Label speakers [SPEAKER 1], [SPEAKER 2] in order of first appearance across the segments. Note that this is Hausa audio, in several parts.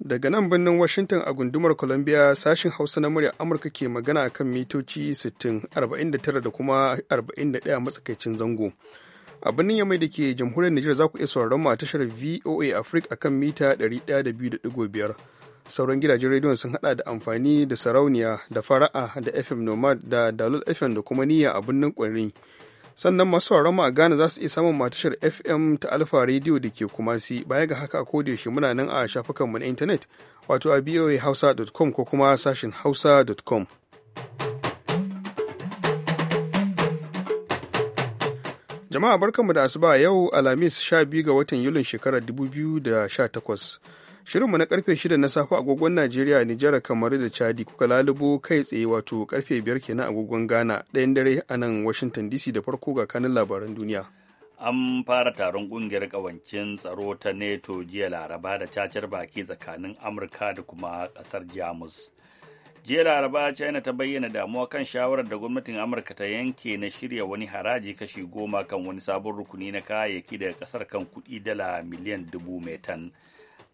[SPEAKER 1] Daga nan birnin Washington a gundumar Columbia sashin Hausa na murya Amurka ke magana kan mitoci 60, 49 da kuma 41 matsakaicin zango. A birnin Yamai da ke jamhuriyar Nijar za ku iya sauraron mu a tashar VOA Africa akan mita 102.5. Sauran gidajen rediyon sun hada da amfani da sarauniya da fara'a da FM Nomad da Dalol FM da kuma niyya a birnin Kwarin. sannan masu mu a Ghana za su iya samun matashar FM ta Alfa Radio da ke Kumasi baya ga haka a yaushe muna nan a mu na intanet wato a boahausa.com ko kuma sashin hausa.com. Jama'a barkanmu da asuba yau Alhamis 12 ga watan Yulin shekarar 2018. Shirinmu na karfe 6 na safe agogon Najeriya, Nijar, kamar da Chadi kuka lalubo kai tsaye wato karfe 5 kenan agogon Ghana ɗayan dare a nan Washington DC da farko ga kanin labaran duniya.
[SPEAKER 2] An fara taron ƙungiyar ƙawancin tsaro ta NATO jiya Laraba da cacar baki tsakanin Amurka da kuma kasar Jamus. jiya laraba china ta bayyana damuwa kan shawarar da gwamnatin amurka ta yanke na shirya wani haraji kashi goma kan wani sabon rukuni na kayayyaki daga kasar kan kuɗi dala miliyan dubu tan.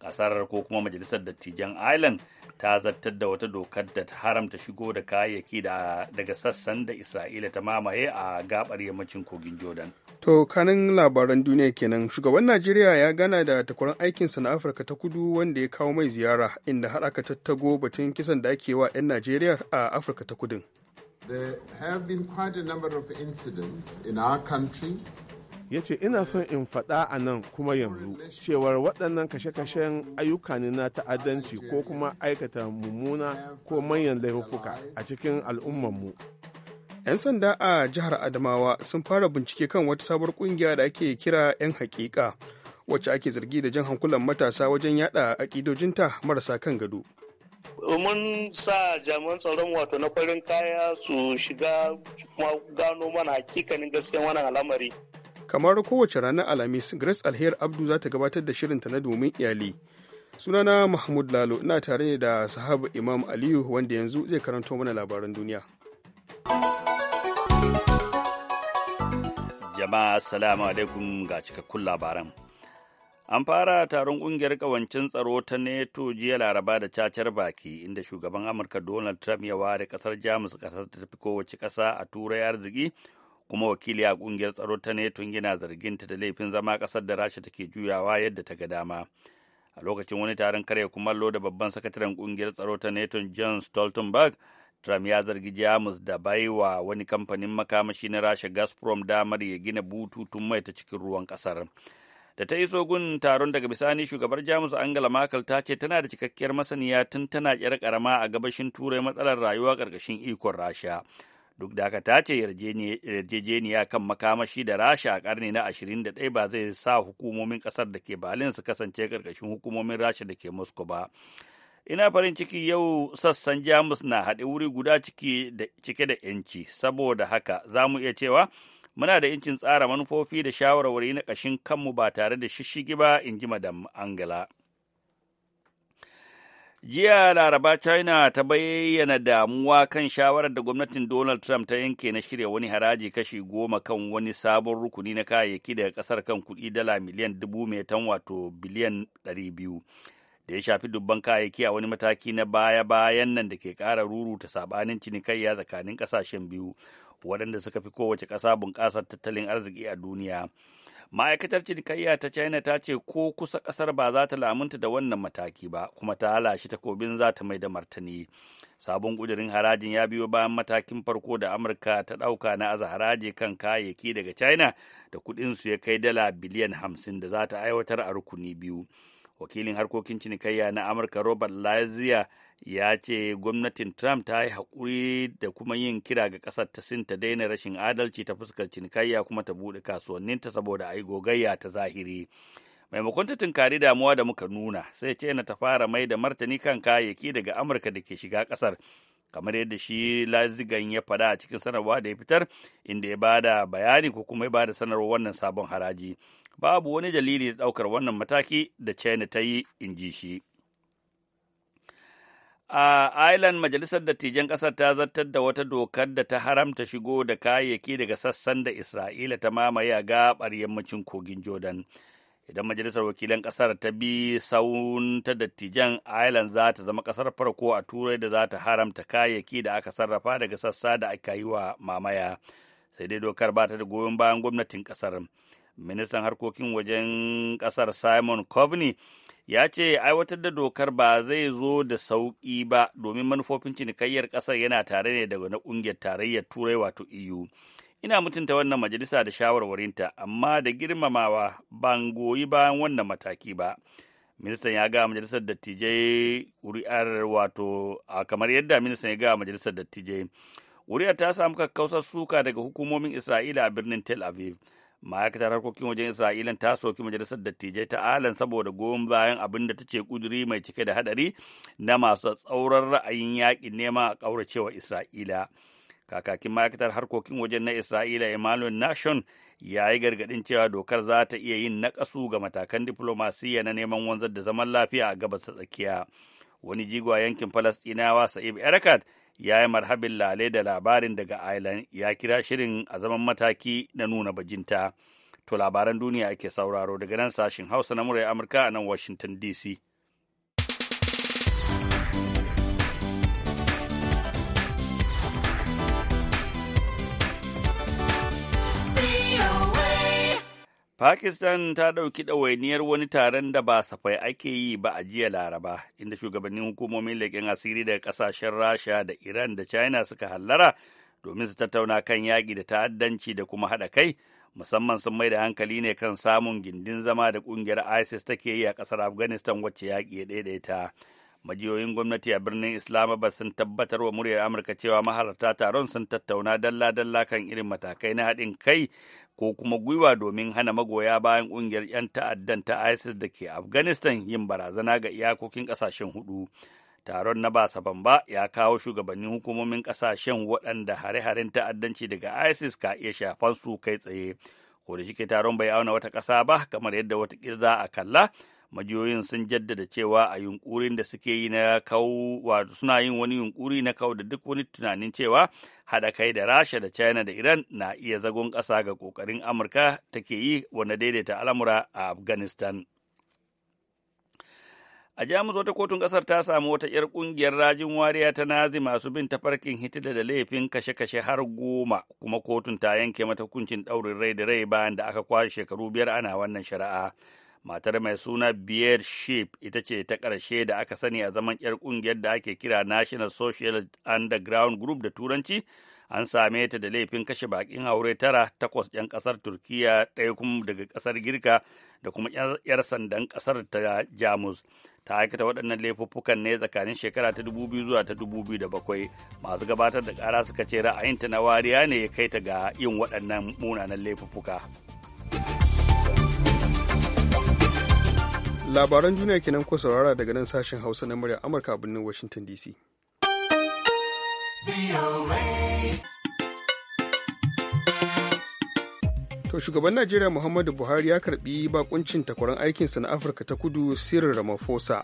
[SPEAKER 2] kasar ko kuma majalisar dattijan ireland ta zartar da wata dokar da ta haramta shigo da kayayyaki daga sassan da isra'ila ta mamaye a gabar yammacin kogin jordan
[SPEAKER 1] to kanin labaran duniya kenan shugaban najeriya ya gana da takwaran aikinsa na afirka ta kudu wanda ya kawo mai ziyara inda har aka tattago batun kisan da ake wa 'yan najeriya
[SPEAKER 3] a afirka ta kudu.
[SPEAKER 4] There
[SPEAKER 5] have been quite a number of incidents in our
[SPEAKER 3] country ya ce ina son in faɗa a nan kuma yanzu cewar waɗannan kashe-kashen ayyuka ne na ta'addanci ko kuma aikata mummuna ko manyan laifuka a cikin al'ummanmu 'yan sanda a jihar adamawa sun fara bincike
[SPEAKER 1] kan wata sabuwar ƙungiya da ake kira 'yan hakika wacce ake zargi da jan hankulan matasa wajen yada aƙidojinta marasa kan gado
[SPEAKER 6] mun sa jami'an tsaron wato na farin kaya su shiga kuma gano mana hakikanin gaskiyan wannan
[SPEAKER 1] al'amari kamar kowace ranar alhamis grace alher abdu za ta gabatar da shirinta na domin iyali sunana mahmud lalo ina tare da sahabu imam aliyu wanda yanzu zai karanto mana labaran duniya
[SPEAKER 2] jama'a assalamu alaikum ga cikakkun labaran An fara taron ƙungiyar ƙawancin tsaro ta NATO jiya laraba da cacar baki, inda shugaban Amurka Donald Trump ya ware kasar Jamus ƙasar ta tafi kowace kasa a turai arziki kuma wakili a kungiyar tsaro ta neto yana ta da laifin zama kasar da rasha take juyawa yadda ta ga dama a lokacin wani taron karya kumallo da babban sakataren kungiyar tsaro ta neto john stoltenberg trump ya zargi jamus da baiwa wani kamfanin makamashi na rasha gazprom damar ya gina bututun mai ta cikin ruwan kasar da ta iso gun taron daga bisani shugabar jamus angela merkel ta ce tana da cikakkiyar masaniya tun tana kyar karama a gabashin turai matsalar rayuwa karkashin ikon rasha duk da haka ta ce yarjejeniya kan makamashi da rasha a karni na 21 ba zai sa hukumomin kasar da ke balin su kasance karkashin hukumomin rasha da ke moscow ba ina farin ciki yau sassan jamus na haɗe wuri guda cike da yanci saboda haka za mu iya cewa muna da yancin tsara manufofi da shawarwari na ƙashin kanmu ba tare da shishigi ba in ji madam angela Jiya Laraba China ta bayyana damuwa kan shawarar da gwamnatin Donald Trump ta yanke na shirya wani haraji kashi goma kan wani sabon rukuni na kayayyaki daga kasar kan kudi dala miliyan dubu mai wato biliyan dari biyu. Da ya shafi dubban kayayyaki a wani mataki na baya-bayan nan da ke ruru ruruta sabanin cinikayya tsakanin kasashen biyu waɗanda suka fi kowace ƙasa bunƙasar tattalin arziki a duniya. ma'aikatar cinikayya ta china ta ce ko kusa kasar ba za ta lamunta da wannan mataki ba kuma ta halashi takobin za ta mai da martani sabon kudirin harajin ya biyo bayan matakin farko da amurka ta ɗauka na aza haraji kan kayayyaki daga china da su ya kai dala biliyan hamsin da za ta aiwatar a rukuni biyu wakilin harkokin cinikayya na amurka robert lazier ya ce gwamnatin Trump ta yi haƙuri da kuma yin kira ga ƙasar ta sin ta daina rashin adalci ta fuskar cinikayya kuma ta buɗe kasuwanninta saboda a yi gogayya ta zahiri. Maimakon ta tunkari damuwa da muka nuna sai China ta fara mai da martani kan kayayyaki daga Amurka da ke shiga ƙasar. kamar yadda shi lazigan ya faɗa a cikin sanarwa da ya fitar inda ya bada bayani ko kuma ya bada sanarwa wannan sabon haraji babu wani dalili da ɗaukar wannan mataki da china ta yi in ji shi A Ireland majalisar dattijan ƙasar ta zartar da wata dokar da ta haramta shigo da kayayyaki daga sassan da Isra'ila ta mamaye a gabar yammacin kogin Jordan. Idan majalisar wakilan ƙasar ta bi saun ta dattijan Ireland za ta zama ƙasar farko a Turai da za ta haramta kayayyaki da aka sarrafa daga sassa da aka yi wa mamaya. Sai dai dokar ba ta da goyon bayan gwamnatin ƙasar. Ministan harkokin wajen ƙasar Simon Coveney ya ce aiwatar da dokar ba zai zo da sauƙi ba domin manufofin cinikayyar ƙasar yana tare ne daga na ƙungiyar tarayyar turai wato eu ina mutunta wannan majalisa da shawarwarinta amma da girmamawa ban goyi bayan wannan mataki ba ministan ya ga majalisar dattijai ƙuri'ar wato kamar yadda ministan ya ga majalisar dattijai ƙuri'ar ta samu kakkausar suka daga hukumomin isra'ila a birnin tel aviv ma'aikatar harkokin wajen Isra'ila ta soki majalisar dattijai ta alan saboda goyon bayan abin da ta ce kuduri mai cike da hadari na masu tsauran ra'ayin yakin nema a ƙauracewa isra'ila kakakin ma'aikatar harkokin wajen na isra'ila emmanuel nashon ya yi gargaɗin cewa dokar za ta iya yin nakasu ga matakan diflomasiyya na neman wanzar da zaman lafiya a gabas ta tsakiya wani jigwa yankin falastinawa sa'ib erekat ya yi marhabin lale da labarin daga Ireland ya kira shirin a zaman mataki na nuna bajinta. To labaran duniya ake sauraro daga nan sashen Hausa na murai Amurka a nan Washington DC. Pakistan ta ɗauki ɗawainiyar wani taron da ba safai ake yi ba a jiya Laraba, inda shugabannin hukumomin leƙen asiri daga ƙasashen Rasha da Iran da China suka hallara domin su tattauna kan yaƙi da ta'addanci da kuma haɗa kai, musamman sun mai da hankali ne kan samun gindin zama da ƙungiyar ISIS take yi a ƙasar Afghanistan wacce yaƙi ya ɗaiɗaita. majiyoyin gwamnati a birnin islamabad sun tabbatar wa muryar amurka cewa mahalarta taron sun tattauna dalla-dalla kan irin matakai na haɗin kai ko kuma gwiwa domin hana magoya bayan ƙungiyar 'yan ta'addan ta isis da ke afghanistan yin barazana ga iyakokin ƙasashen hudu taron na ba saban ba ya kawo shugabannin hukumomin ƙasashen waɗanda hare-haren ta'addanci daga isis ka iya shafan su kai tsaye ko da shike taron bai auna wata ƙasa ba kamar yadda wata za a kalla majiyoyin sun jaddada cewa a yunkurin da suke yi na kawo wato suna yin wani yunkuri na kawo da duk wani tunanin cewa haɗa kai da rasha da china da iran na iya zagon ƙasa ga ƙoƙarin amurka take yi wanda daidaita al'amura a afghanistan a jamus wata kotun ƙasar ta samu wata 'yar ƙungiyar rajin wariya ta nazi masu bin ta farkin hitila da laifin kashe-kashe har goma kuma kotun ta yanke mata hukuncin ɗaurin rai da rai bayan da aka kwashe shekaru biyar ana wannan shari'a matar mai suna beer sheep ita ce ta ƙarshe da aka sani a zaman 'yar ƙungiyar da ake kira national social underground group da turanci an same ta da laifin kashe bakin aure tara takwas 'yan ƙasar turkiyya ɗaya kuma daga ƙasar girka da kuma 'yar sandan ƙasar ta jamus ta aikata waɗannan laifuffukan ne tsakanin shekara ta 2000 zuwa ta 2007 masu gabatar da ƙara suka ce ra'ayinta na wariya ne ya kai ta ga yin waɗannan munanan laifuffuka.
[SPEAKER 1] labaran duniya kenan ko saurara daga nan sashen hausa na murya amurka birnin washington dc to shugaban najeriya muhammadu buhari ya karbi bakuncin takwaran aikinsa na afirka ta kudu sirrin ramaphosa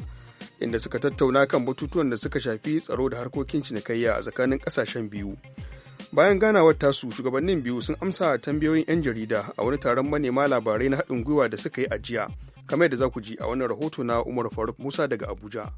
[SPEAKER 1] inda suka tattauna kan batutuwan da suka shafi tsaro da harkokin cinikayya a tsakanin kasashen biyu bayan ganawar tasu shugabannin biyu sun amsa tambayoyin 'yan jarida a wani taron manema labarai na haɗin gwiwa da suka yi a jiya kamar yadda za ku ji a wannan rahoto na umar faruk musa daga abuja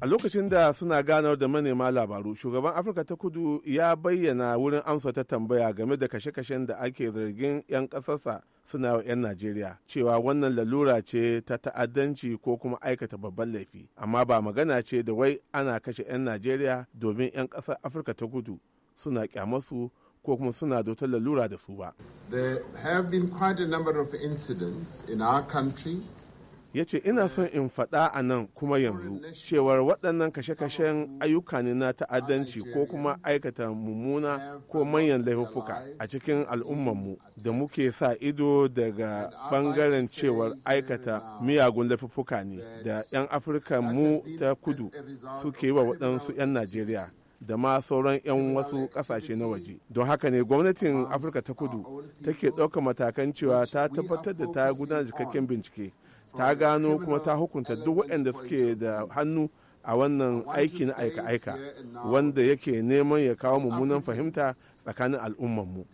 [SPEAKER 3] a lokacin da suna ganar da manema labaru shugaban afirka ta kudu ya bayyana wurin amsa ta tambaya game da kashe-kashen da ake zargin 'yan ƙasarsa suna wa 'yan najeriya cewa wannan lalura ce ta ta'addanci ko kuma aikata babban laifi amma ba magana ce da wai ana kashe 'yan najeriya domin 'yan ƙasar afirka ta kudu suna kyamasu ko kuma suna da wata da su ba. ya ce ina son in faɗa a nan kuma yanzu cewar waɗannan kashe-kashen ayyuka ne na ta'addanci ko kuma aikata mummuna ko manyan laifuka a cikin al'ummanmu da muke sa ido daga ɓangaren cewar aikata miyagun laifuka ne da 'yan afirka mu ta kudu suke yi wa waɗansu 'yan najeriya da ma sauran 'yan wasu kasashe na waje don haka ne gwamnatin afirka ta kudu take ɗauka matakan cewa ta tabbatar da ta gudanar cikakken bincike ta gano kuma ta hukunta duk waɗanda suke da hannu a wannan aiki na aika-aika wanda yake neman ya kawo mummunan fahimta tsakanin al'ummanmu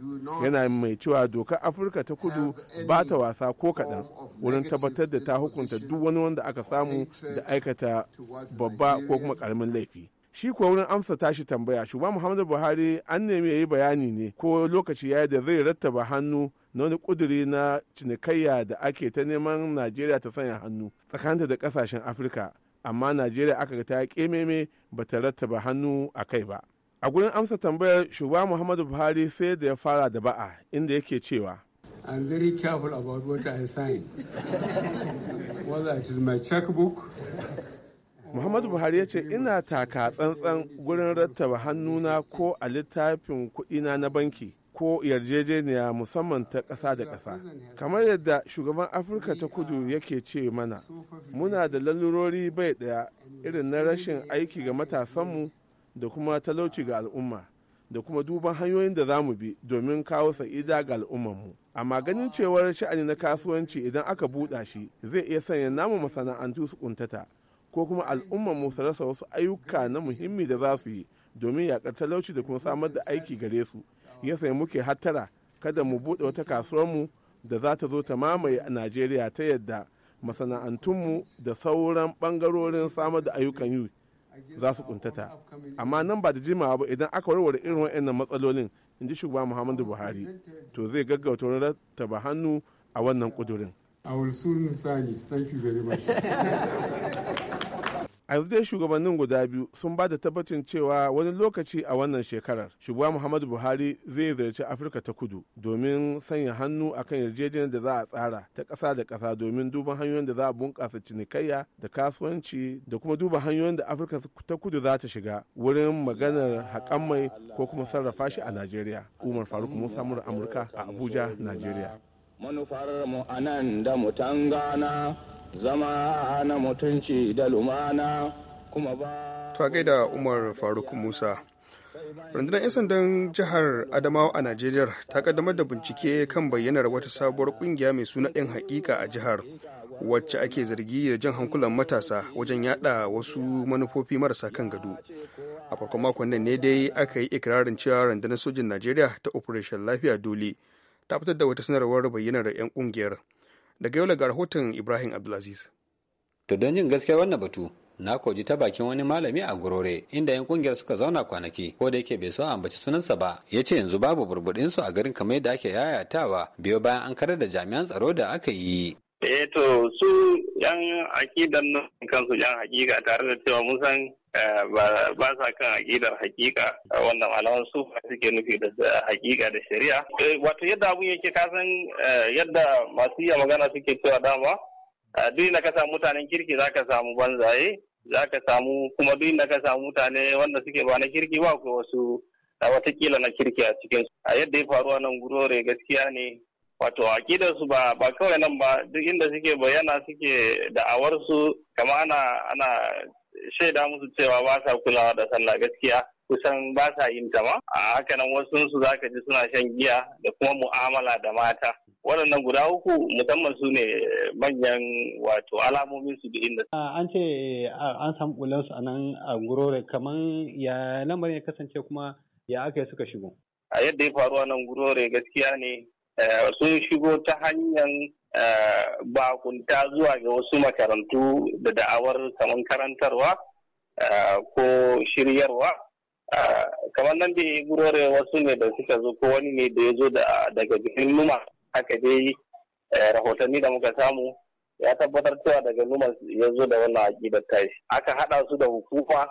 [SPEAKER 3] yana mai cewa dokar afirka ta kudu ba ta wasa ko kaɗan wurin tabbatar da ta hukunta duk wani wanda aka samu da aikata babba ko kuma ƙaramin laifi shi kuwa wurin amsa tashi tambaya shugaban muhammadu buhari an nemi ya yi bayani ne ko lokaci ya da zai rattaba hannu na wani kuduri na cinikayya da ake ta neman najeriya ta sanya hannu tsakaninta da kasashen afirka amma najeriya aka ga ta kememe ba ta rattaba hannu a kai ba a gurin amsa tambayar shugaba muhammadu buhari sai da ya fara da ba'a inda yake cewa
[SPEAKER 1] i'm very careful about what i sign
[SPEAKER 3] whether it is my checkbook Muhammadu Buhari ya ce ina taka tsantsan gurin rattaba hannuna ko a littafin kuɗina na banki ko yarjejeniya musamman ta ƙasa da kasa. Kamar yadda shugaban Afirka ta kudu yake ce mana, muna da lalurori bai ɗaya irin na rashin aiki ga matasanmu da kuma talauci ga al'umma. da kuma duban hanyoyin da za mu bi domin kawo sa'ida ga mu. Amma ganin cewar sha'ani na kasuwanci idan aka buɗa shi zai iya sanya namu masana'antu su kuntata. ko kuma al'ummar mu sa rasa wasu ayyuka na muhimmi da za su yi domin yakar talauci da kuma samar da aiki gare su ya sai muke hattara kada mu buɗe wata kasuwar mu da za ta zo ta mamaye a najeriya ta yadda masana'antunmu da sauran ɓangarorin samar da ayyukan yi za su kuntata amma nan ba da jimawa ba idan aka warware irin wa'annan matsalolin in ji shugaba muhammadu buhari to zai gaggauta wani rattaba hannu a wannan kudurin
[SPEAKER 4] I will soon sign it. Thank you very much.
[SPEAKER 3] a dai shugabannin guda biyu sun ba da tabbacin cewa wani lokaci a wannan shekarar shugaba muhammadu buhari zai ziyarci afirka ta kudu domin sanya hannu akan yarjejeniyar da za a tsara ta ƙasa da ƙasa domin duban hanyoyin da za a bunƙasa cinikayya da kasuwanci da kuma duba hanyoyin da afirka ta kudu za ta shiga wurin maganar haƙan mai ko kuma sarrafa shi a najeriya umar faruk musa mura amurka a abuja najeriya
[SPEAKER 4] manufar mu anan da mu tangana
[SPEAKER 1] zama na mutunci da lumana kuma ba ta gaida umar faruk musa rundunar 'yan sandan jihar adamawa a najeriya ta kaddamar da bincike kan bayyanar wata sabuwar kungiya mai suna 'yan hakika a jihar wacce ake zargi da jan hankulan matasa wajen yada wasu manufofi marasa kan gado a farkon makon nan ne dai aka yi ikirarin cewa rundunar sojin najeriya ta operation lafiya dole ta fitar da wata sanarwar bayyanar 'yan kungiyar daga yau daga rahoton ibrahim abdulaziz to don jin gaskiya wannan batu na koji ta bakin wani malami a gurore inda yan
[SPEAKER 4] kungiyar suka zauna kwanaki ko da yake bai so a ambaci sunansa ba ya ce yanzu babu burbudin su a garin kamar yadda ake yayatawa biyo bayan an karar da jami'an tsaro da aka yi
[SPEAKER 6] eh to su yan akidan nan kansu yan hakika tare da cewa mun san Eh, ba sa kan aƙidar hakika eh, wannan alawar su suke nufi da hakika da shari'a eh, wato yadda abun yake kasan yadda masu iya magana suke cewa dama duk na ka samu mutanen kirki za ka samu banzaye za ka samu kuma duk na ka samu mutane wanda suke ba na kirki ba ko wasu watakila na kirki a cikin a yadda ya faru a nan gurore gaskiya ne wato aƙidar su ba kawai nan ba duk inda suke bayyana suke da'awarsu kama ana ana shaida musu cewa ba sa kulawa da sallah gaskiya kusan ba sa yin ta ma a hakanan, nan wasu su zaka ji suna shan giya da kuma mu'amala da mata waɗannan guda uku musamman su ne manyan wato alamomin su duk inda
[SPEAKER 4] an ce an samu bulan su anan a gurore kamar ya lamarin ya kasance kuma ya aka suka shigo
[SPEAKER 6] a yadda ya faru a nan gurore gaskiya ne Eh, sun shigo ta hanyar eh, bakunta zuwa ga wasu makarantu da da'awar kamar karantarwa eh, ko shiryarwa kamar nan da gurare wasu ne da suka zo ko wani ne da ya zo daga jikin numa haka dai rahotanni da muka samu ya tabbatar cewa daga numa ya zo da wannan aƙidar tashi aka haɗa su da hukuma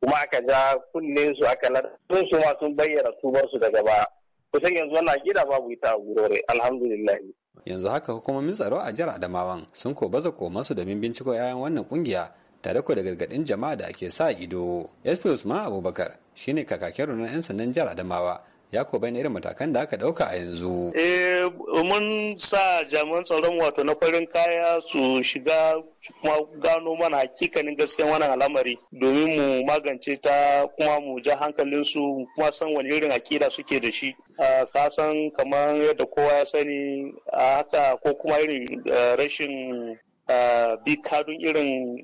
[SPEAKER 6] kuma aka ja kunne su aka lardun su ma sun bayyana tubar su daga baya kusan yanzu wannan gida babu ita a gurore alhamdulillahi
[SPEAKER 4] yanzu haka hukumomin tsaro a jihar adamawan sun ko baza komansu domin binciko 'ya'yan wannan kungiya tare ku da gargadin jama'a da ake sa ido. SP ma Abubakar shine kakakin runar 'yan sandan jihar Adamawa ya ko irin matakan da aka dauka a yanzu.
[SPEAKER 6] Eh mun sa jami'an tsaron wato na farin kaya su shiga kuma gano mana hakikanin gaskiyar wannan al'amari domin mu magance ta kuma mu ja hankalin su kuma san wani irin akida suke da shi. Ka san kamar yadda kowa ya sani a haka ko kuma irin rashin bi kadun irin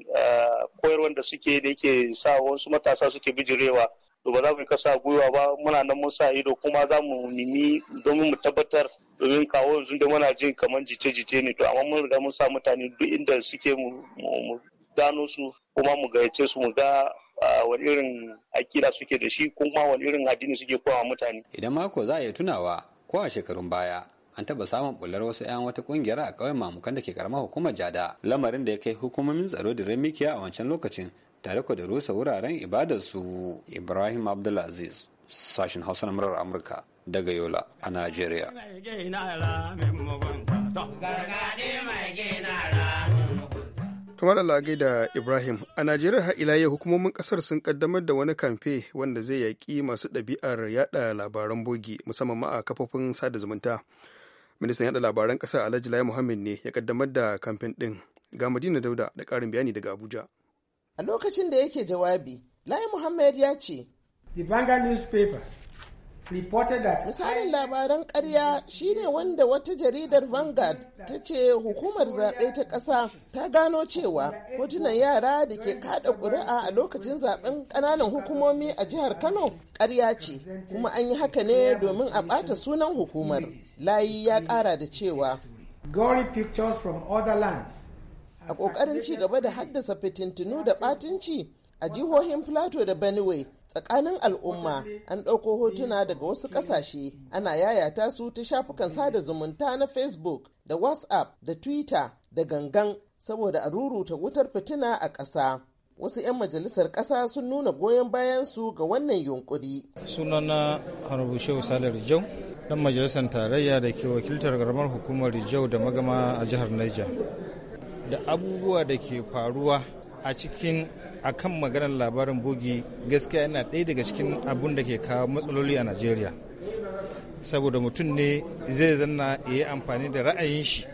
[SPEAKER 6] koyarwar da suke da yake sa wasu matasa suke bijirewa. to ba za mu kasa gwiwa ba muna nan mun sa ido kuma za mu nimi domin mu tabbatar domin kawo yanzu da muna jin kamar jice-jice ne to amma mun da mun sa mutane duk inda suke mu gano su kuma mu gayyace su mu ga wani irin akida suke da shi kuma wani irin addini suke kowa mutane.
[SPEAKER 4] Idan mako za a iya tunawa ko a shekarun baya an taba samun bular wasu 'yan wata kungiyar a ƙauyen mamukan da ke karamar hukumar jada lamarin da ya kai hukumomin tsaro da ramikiya a wancan lokacin tare da rusa wuraren su ibrahim abdulaziz sashen hausa na murar amurka daga yola a najeriya
[SPEAKER 1] kamar lagai da ibrahim a najeriya har ila hukumomin kasar sun kaddamar da wani kamfe wanda zai yaƙi masu ɗabi'ar yada labaran bogi musamman ma a kafofin sada zumunta ministan yada labaran kasar alhaji lai muhammad ne ya kaddamar da kamfen ɗin ga madina dauda da ƙarin bayani daga abuja
[SPEAKER 7] A lokacin da yake jawabi, Lai Muhammad ya ce, The newspaper Misalin labaran ƙarya shine wanda wata jaridar Vanguard ta ce hukumar zaɓe ta ƙasa ta gano cewa hotunan yara da ke kaɗa ƙuri'a a lokacin zaɓen ƙananan hukumomi a jihar Kano ƙarya ce, kuma an yi haka ne domin a ɓata sunan hukumar. Layi ya ƙara da cewa. Gory pictures from other lands a ƙoƙarin ci gaba da haddasa fitintinu da ɓatinci a jihohin plateau da benue tsakanin al'umma an ɗauko hotuna daga wasu ƙasashe ana yayata su ta shafukan sada zumunta na facebook da whatsapp da twitter da gangan saboda a ruruta wutar fitina a ƙasa wasu 'yan majalisar ƙasa sun nuna goyon bayan su ga wannan yunkuri. sunana harabu shehu salar jau dan majalisar tarayya
[SPEAKER 1] da ke wakiltar garmar hukumar jau da magama a jihar niger da abubuwa da ke faruwa a cikin a kan maganar labarin bogi gaskiya yana ɗaya daga cikin abun da ke kawo matsaloli a najeriya saboda mutum ne zai zanna ya yi amfani da ra'ayin shi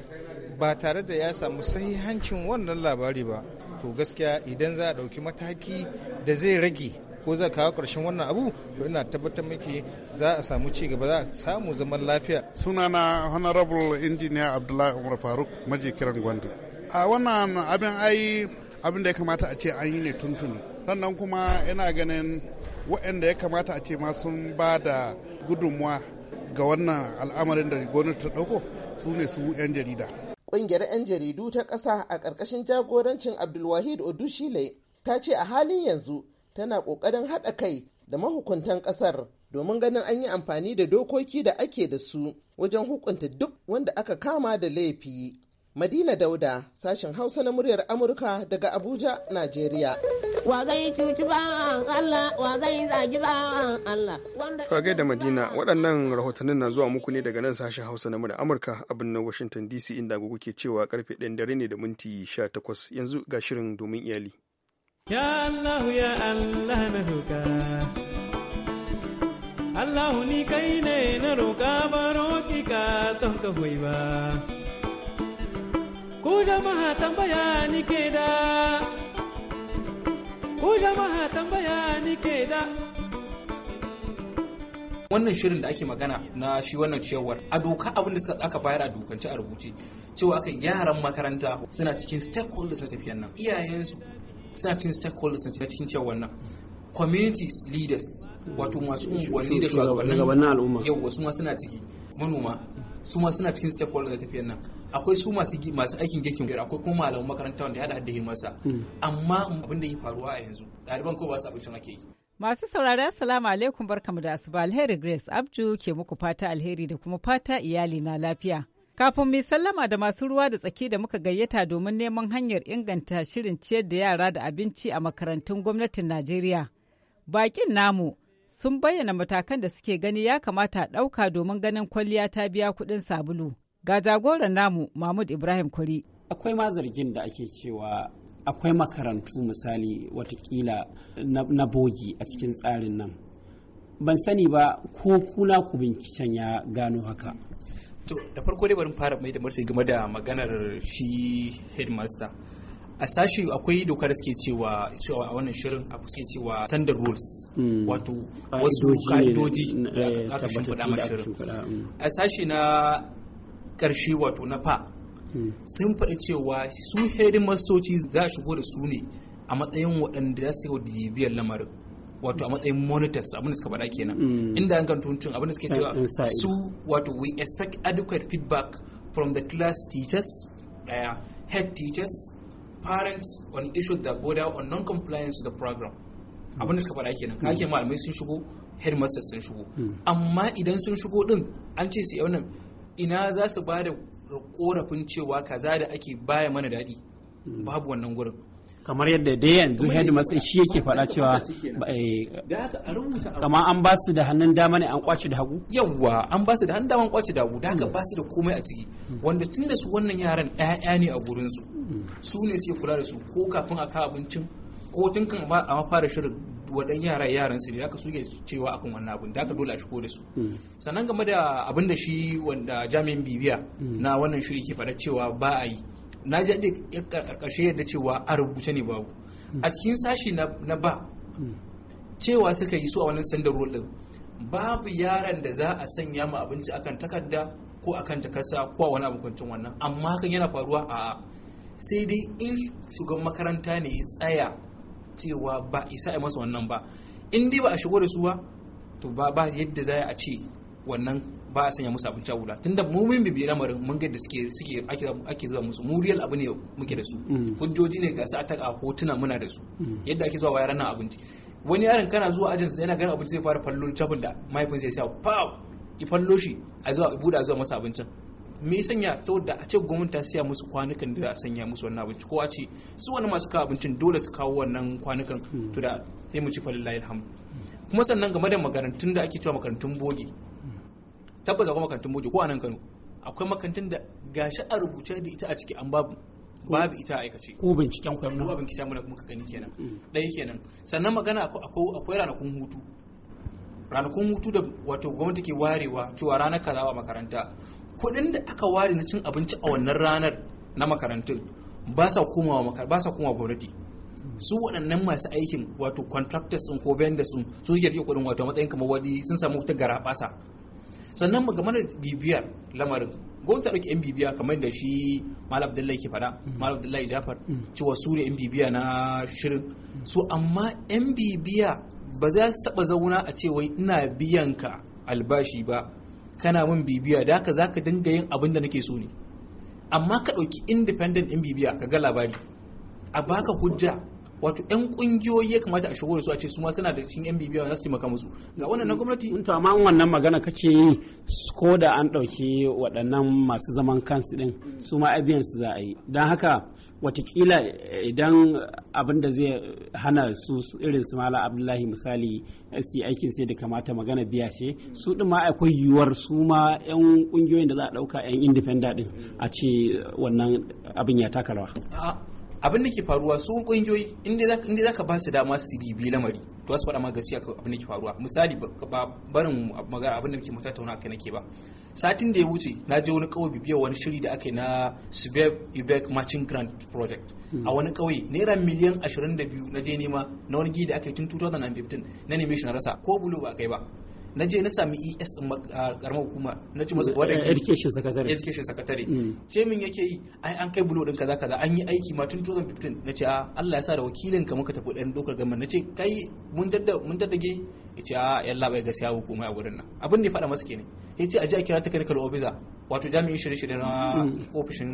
[SPEAKER 1] ba tare da ya samu sahihancin wannan labari ba to gaskiya idan za a ɗauki mataki da zai rage ko za kawo ƙarshen wannan abu to ina tabbatar miki za a samu ci gaba za a samu zaman lafiya sunana honorable engineer abdullahi umar faruk maji kiran gwandu a wannan abin ai abin da ya kamata a ce an yi ne tuntuni sannan kuma ina ganin waɗanda ya kamata a ce ma sun ba da gudunmuwa ga wannan al'amarin da gwamnati ta ɗauko su ne su 'yan jarida
[SPEAKER 7] ƙungiyar 'yan jaridu ta ƙasa a ƙarƙashin jagorancin abdulwahid odushile ta ce a halin yanzu tana ƙoƙarin haɗa kai da mahukuntan ƙasar domin ganin an yi amfani da dokoki da ake da su wajen hukunta duk wanda aka kama da laifi Madina Dauda, sashen Hausa na muryar Amurka daga Abuja, Najeriya. Wa zai cuci Allah, wa zai zagi Allah.
[SPEAKER 1] Kage da Madina, waɗannan rahotannin na zuwa muku ne daga nan sashen Hausa na muryar Amurka a birnin Washington DC inda agogo ke cewa karfe ɗan dare ne da minti 18 yanzu ga shirin domin iyali. Ya Allah ya Allah na roka.
[SPEAKER 8] Allah ni kai ne na roka ba ki ka ka ba. ku jama'a tambaya ni ke da ku jama'a tambaya ni ke da wannan shirin da ake magana na shi wannan cewar a doka abin da suka aka bayar a dokance a rubuce cewa aka yaran makaranta suna cikin stakeholders na tafiyan nan iyayensu suna cikin stakeholders na cikin cewar nan communities leaders wato masu unguwanni da shugabannin al'umma yau wasu ma suna ciki manoma su ma suna cikin stakeholder na tafiyar nan akwai su masu masu aikin gekin biyar akwai kuma malaman makaranta wanda ya da haddahin masa hmm. amma abin da ke faruwa a yanzu ɗaliban ko ba su abincin ake yi
[SPEAKER 5] Masu saurari assalamu alaikum barkamu da asuba alheri Grace Abdu ke muku fata alheri da kuma fata iyali na lafiya. Kafin mai sallama da masu ruwa da tsaki da muka gayyata domin neman hanyar inganta shirin ciyar da yara da abinci a makarantun gwamnatin Najeriya. Bakin namu sun bayyana matakan da suke gani ya kamata a ɗauka domin ganin kwalliya ta biya kuɗin sabulu.
[SPEAKER 9] Ga jagoran namu Mahmud Ibrahim Kuri. Akwai ma zargin da ake cewa akwai makarantu misali watakila na bogi a cikin tsarin nan. Ban sani ba ko kuna ku binciken ya gano haka.
[SPEAKER 8] To da farko dai bari fara mai da game da maganar shi headmaster. a sashi akwai dokar suke cewa a wannan shirin a suke cewa standard rules hmm. wato wasu ka'idoji da aka eh, shimfiɗa ma shirin hmm. a sashi na ƙarshe wato na fa hmm. sun faɗi cewa su hedin mastoci za a shigo da su ne a matsayin waɗanda za su yi bibiyar lamarin wato a matsayin monitors abin da suka faɗa kenan inda an tuntun abin da suke cewa su wato we expect adequate feedback from the class teachers daya eh, head teachers parents on issues that border on non-compliance to the program abin da suka faɗa kenan ka ke malamai sun shigo headmasters sun shigo hmm. amma idan sun shigo din an ce su wannan ina za su ba da korafin cewa kaza da ake baya mana daɗi hmm. babu wannan gurin
[SPEAKER 9] kamar yadda dai yanzu matsayi shi yake faɗa cewa eh,
[SPEAKER 8] kamar an ba su da hannun dama ne an kwace da hagu yawwa an ba su da hannun dama an kwace da hagu da haka hmm. ba su da komai a ciki wanda tun da su wannan yaran ɗaya ne a gurin su hmm. su ne suke kula da su ko kafin a kawo abincin ko tun kan a fara shirin waɗan yara yaran su ne haka suke cewa akan wannan abin da haka dole a shigo da su hmm. sannan game da abin da shi wanda jami'in bibiya na wannan shiri ke faɗa cewa ba a yi na ji ya ƙarƙashe yadda cewa a rubuce ne babu a cikin sashi na ba cewa suka yi su a wani standard rule din babu yaran da za a sanya mu abinci akan takarda ko akan jakarsa ko a wani abincin wannan amma hakan yana faruwa a sai dai in shugaban makaranta ne ya tsaya cewa ba isa a masa wannan ba in dai ba a shigo da su ba to ba yadda za a ce wannan ba a sanya musu abinci a wula tunda mu mun bibi lamarin mun ga da suke suke ake zuwa musu mu real abu ne muke da su mm. hujjoji ne ga su a hotuna muna da su mm. yadda ake zuwa wa yaran nan abinci wani yaron kana zuwa ajin sa yana ganin abinci zai fara fallo tabin da mahaifin sai ya pow i fallo shi a zuwa i buda zuwa masa abincin me sanya saboda a ce gwamnati ta siya musu kwanukan da a sanya musu wannan abinci ko a ce su wani masu kawo abincin dole su kawo wannan kwanukan mm. to da sai mu ci falillahi alhamdu kuma sannan game da makarantun da ake cewa makarantun bogi tabbas akwai makarantun boge ko a nan Kano akwai makarantun da gashi a rubuce da ita a ciki an babu babu ita aikace ko binciken kwamna ko binciken mu kuma muka gani kenan dai mm. kenan sannan magana akwai ranakun hutu ranakun hutu da wato gwamnati ke warewa cewa ranar kaza a makaranta kuɗin da aka ware na cin abinci a wannan ranar na makarantun ba sa komawa ba sa komawa gwamnati su waɗannan masu aikin wato contractors sun ko vendors sun su suke rike kuɗin wato matsayin kamar wadi sun samu ta garabasa sannan mu game da bibiyar lamarin gwamnati ta ɗauki yan bibiya kamar da shi malam abdullahi ke faɗa mm. malam abdullahi jafar mm. cewa su ne yan bibiya na shirin so amma yan bibiya ba za su taɓa zauna a ce wai ina biyan ka albashi ba kana min bibiya da haka za ka dinga yin abin da nake so ne amma ka ɗauki independent yan bibiya ka ga labari a baka hujja wato yan kungiyoyi ya kamata a shigo da su a ce su ma suna da cikin yan bibiya za su taimaka musu ga wannan na gwamnati to amma wannan magana kace yi ko da an ɗauki
[SPEAKER 9] waɗannan masu zaman kansu din su ma abiyan su za a yi dan haka watakila eh, idan abin da zai hana su irin su mala abdullahi misali su aikin sai da kamata magana biya ce su din ma akwai yiwuwar su ma yan kungiyoyin da za a dauka yan independent din a ce wannan abin ya taka rawa
[SPEAKER 8] abin da ke faruwa su kungiyoyi inda za ka ba su dama su biyu lamari to su faɗa ma gaskiya abin da ke faruwa misali ba barin magana abin da ke mutata wani aka nake ba satin da ya wuce na je wani kawai bibiyar wani shiri da aka yi na Subeb Ubek Matching Grant Project a wani kawai naira miliyan 22 na je nema na wani gida da aka yi tun 2015 na neme shi na rasa ko bulu ba a kai ba na je na sami es din karamar hukuma na ce masa wadda education
[SPEAKER 9] secretary education
[SPEAKER 8] secretary ce mm. min yake yi ai an kai bulo din kaza kaza an yi aiki ma tun 2015 na ce a Allah ya sa da wakilin ka muka tafi dan dokar gamar na ce kai mun dadda mun daddage ya ce a yalla bai gaskiya hukuma a gurin nan abin da ya faɗa masa kenan ya ce a ji a kira kalo officer wato jami'in shirye-shirye na mm. ofishin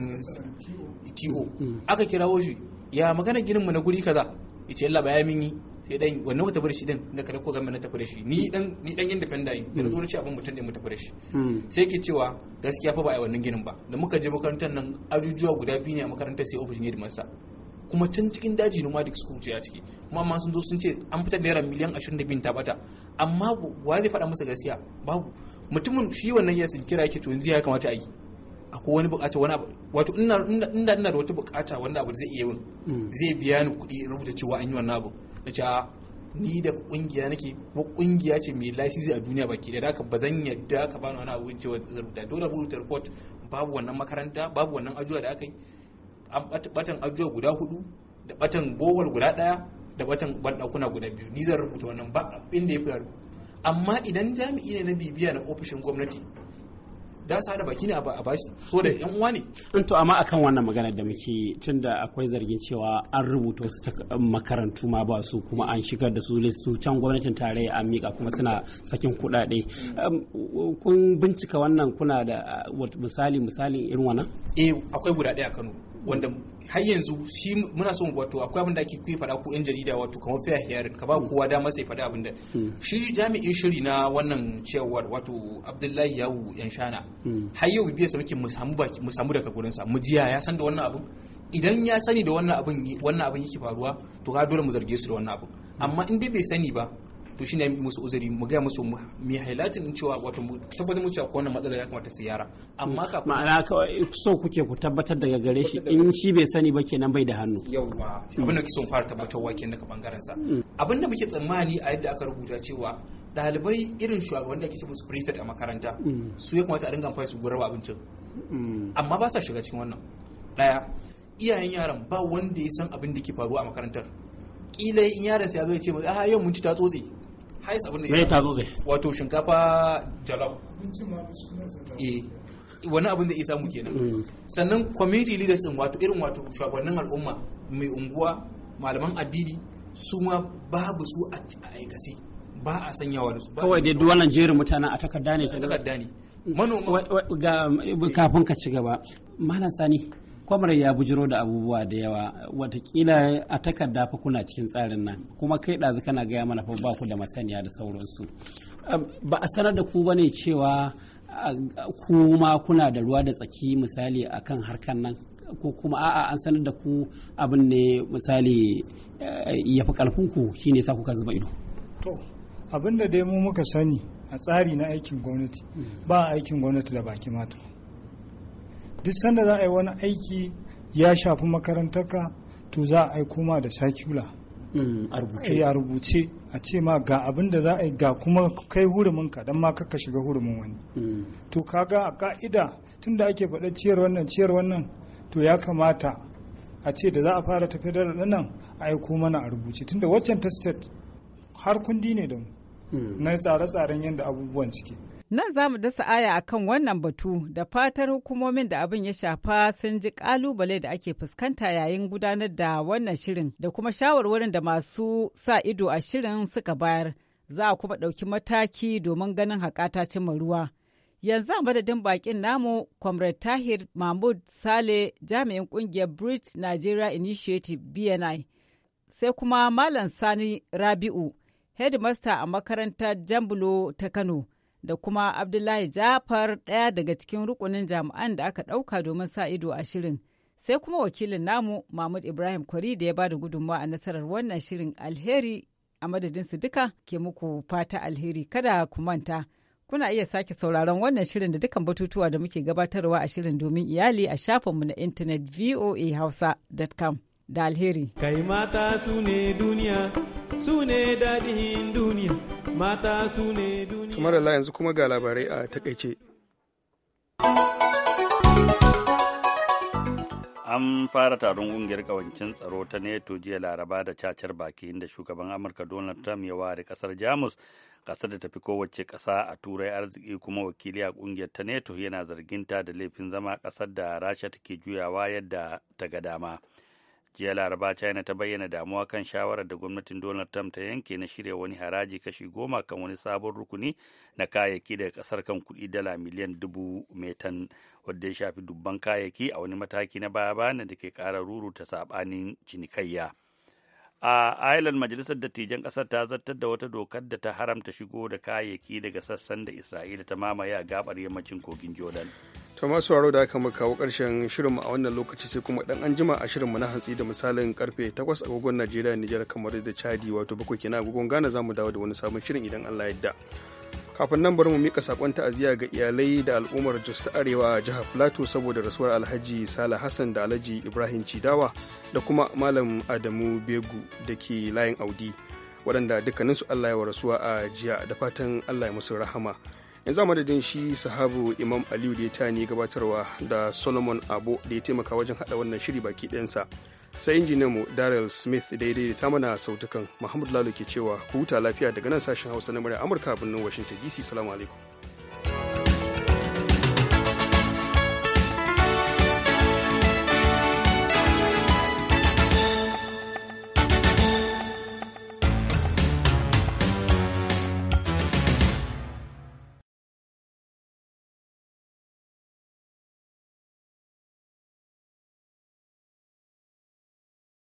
[SPEAKER 8] TO mm. aka kirawo shi ya magana ginin mu na guri kaza ya ce yalla bai yi sai dan wannan wata da shi din da kare ko gamba na tafi da shi ni dan ni dan independent ne da zuwa ci abin mutum da mu tafi da shi hmm. sai ke cewa gaskiya fa ba a yi wannan ginin ba da muka je makarantar nan ajujuwa guda biyu ne a makarantar sai ofishin headmaster kuma can cikin daji nomadic school ce a ciki kuma amma sun zo sun ce an fitar naira miliyan 22 ta bata amma wa zai faɗa masa gaskiya babu mutumin shi wannan ya sun kira yake to yanzu ya kamata a yi akwai wani bukata wani abu wato ina ina da wata bukata wanda abu zai iya yi hmm. zai biya ni kuɗi rubuta cewa an yi wannan abu na cewa ni da kungiya nake kuma kungiya ce mai lasisi a duniya baki da haka ba zan yadda ka bani wani abu cewa rubuta dole rubuta report babu wannan makaranta babu wannan ajuwa da aka yi an batan ajuwa guda hudu da batan bohol guda daya da batan bandakuna guda biyu ni zan rubuta wannan ba abin da ya fi amma idan jami'i ne na bibiya na ofishin gwamnati da su hada baki ne a bashi so da yan uwa ne in
[SPEAKER 9] mm. to amma akan wannan magana da muke tunda akwai zargin cewa an rubuta su um, makarantu ma ba su kuma an shigar da su su can gwamnatin tarayya a mika kuma suna sakin kuɗaɗe um, kun bincika wannan kuna da uh, misali misalin irin wannan
[SPEAKER 8] eh akwai guda ɗaya a Kano wanda har yanzu shi muna son wato akwai abin da ake kuyi fada ko yan jarida wato kamar fair hearing ka ba mm. kowa dama sai fada abin da mm. shi jami'in shiri na wannan cewar wato Abdullahi Yawu yan shana mm. har yau bibiya sa muke mu samu baki mu samu daga gurin mu jiya ya san da wannan abin idan ya sani da wannan abin wannan abin yake faruwa to ka dole mu zarge su da wannan abin amma in dai bai sani ba to shine musu uzuri mu ga musu mu halatin in cewa wato mu tabbatar musu cewa ko wannan matsalar ya kamata su yara amma ka ma'ana
[SPEAKER 9] kawai so kuke ku tabbatar daga gare shi in shi bai sani ba kenan bai da hannu
[SPEAKER 8] yawa abin da son fara wa kenan ka bangaren sa mm. abin da muke tsammani a yadda aka rubuta cewa dalibai irin shugabanni wanda ake musu prefect a makaranta mm. su ya kamata a dinga amfani su ba abincin mm. amma ba sa shiga cikin wannan daya iyayen yaran ba wanda ya san abin da ke faruwa a makarantar kila in yaran sai ya zo ya ce mu a yau mun ci ta tsotse hais abin da ya ta zo zai wato shinkafa jalof eh, wani abin da isa mu kenan mm. sannan community leaders din wato irin wato shugabannin al'umma mai unguwa malaman addini su ma babu su a aikace ba a sanyawa da su kawai dai duk wannan
[SPEAKER 9] jerin mutanen a takarda ne a
[SPEAKER 8] ne manoma
[SPEAKER 9] kafin ka ci gaba malam sani kwamar ya bujiro da abubuwa da yawa watakila a takarda fa kuna cikin tsarin nan kuma kai ɗazu kana gaya mana fa ba ku da masaniya da sauransu ba a sanar da ku ba ne cewa ku ma kuna da ruwa da tsaki misali akan harkan nan ko kuma a'a an sanar da ku abin ne misali eh, ya fi ƙarfinku shine sa kuka zuba ido
[SPEAKER 6] to abin da dai mu muka sani a tsari na aikin gwamnati hmm. ba aikin gwamnati da baki mata duk sanda za a yi wani aiki ya shafi makarantarka to za a yi ma da sakula mm, eh, a rubuce a ce ma ga abin da za a yi ga kuma kai hurumin ka don ma ka shiga hurumin wani mm. to kaga a ka'ida tunda ake faɗa ciyar wannan ciyar wannan to ya kamata a ce da za a fara tafi da nan a aiko mana a rubuce tunda waccan ta state har kundi ne da mu mm. na tsare-tsaren yadda abubuwan ciki
[SPEAKER 5] Nan za mu dasa aya a kan wannan batu da fatar hukumomin da abin ya shafa sun ji kalubale da ake fuskanta yayin gudanar da wannan shirin da kuma shawarwarin da masu sa ido a shirin suka bayar. Za a kuma ɗauki mataki domin ganin haƙata cimma ruwa. Yanzu a madadin bakin namu, Comrade Tahir Mahmud Sale jami'in ƙungiyar Bridge Nigeria Initiative BNI, sai kuma Malam Sani Rabi'u, headmaster a makarantar Jambulo ta Kano. da kuma Abdullahi Jafar ɗaya daga cikin rukunin jami'an da aka ɗauka domin sa ido a shirin. Sai kuma wakilin namu Mahmud Ibrahim Kwari da ya bada gudunmawa a nasarar wannan shirin alheri a madadinsu duka ke muku fata alheri kada ku manta. Kuna iya sake sauraron wannan shirin da dukkan batutuwa da muke gabatarwa a shirin domin iyali a shafinmu na intanet voahausa.com da
[SPEAKER 1] alheri. Kai mata su ne duniya su ne daɗin duniya mata su ne duniya tumar Allah yanzu kuma ga labarai a takaice
[SPEAKER 2] an fara taron ƙungiyar ƙawancin tsaro ta neto jiya laraba da cacar baki inda shugaban amurka donald trump ya ware ƙasar jamus ƙasar da tafi kowace ƙasa a turai arziki kuma wakili a ƙungiyar ta neto yana zarginta da laifin zama ƙasar da rasha take juyawa yadda ta ga dama jiya laraba china ta bayyana damuwa kan shawarar da gwamnatin donald trump ta yanke na shirya wani haraji kashi goma kan wani sabon rukuni na kayayyaki daga kasar kan kudi dala miliyan dubu metan wadda ya shafi dubban kayayyaki a wani mataki na baya-bayan da ke ƙara ta sabanin cinikayya. a Ireland majalisar dattijan kasar ta zartar da wata dokar da ta haramta shigo da kayayyaki daga sassan da Isra'ila ta mamaye a gabar yammacin kogin Jordan.
[SPEAKER 1] To masu waro da aka kawo karshen shirin a wannan lokaci sai kuma dan an jima a shirin na hantsi da misalin karfe 8 agogon Najeriya Nijar kamar da Chadi wato bakwai kenan agogon Ghana zamu dawo da wani sabon shirin idan Allah ya yarda. kafin nan bari mu mika sakon ta'aziyya ga iyalai da al'ummar jos ta arewa a jihar plateau saboda rasuwar alhaji sala hassan da alhaji ibrahim cidawa da kuma malam adamu begu da ke layin audi waɗanda dukkaninsu allah ya wa rasuwa a jiya da fatan allah ya musu rahama yanzu a madadin shi sahabu imam aliyu da ya tani gabatarwa da solomon abo da ya taimaka wajen haɗa wannan shiri baki ɗayansa sai injiniyan mu daryl smith daidai ta mana sautukan muhammadu lalu ke cewa ku huta lafiya daga nan sashen hausa na murya amurka birnin washington dc salamu alaikum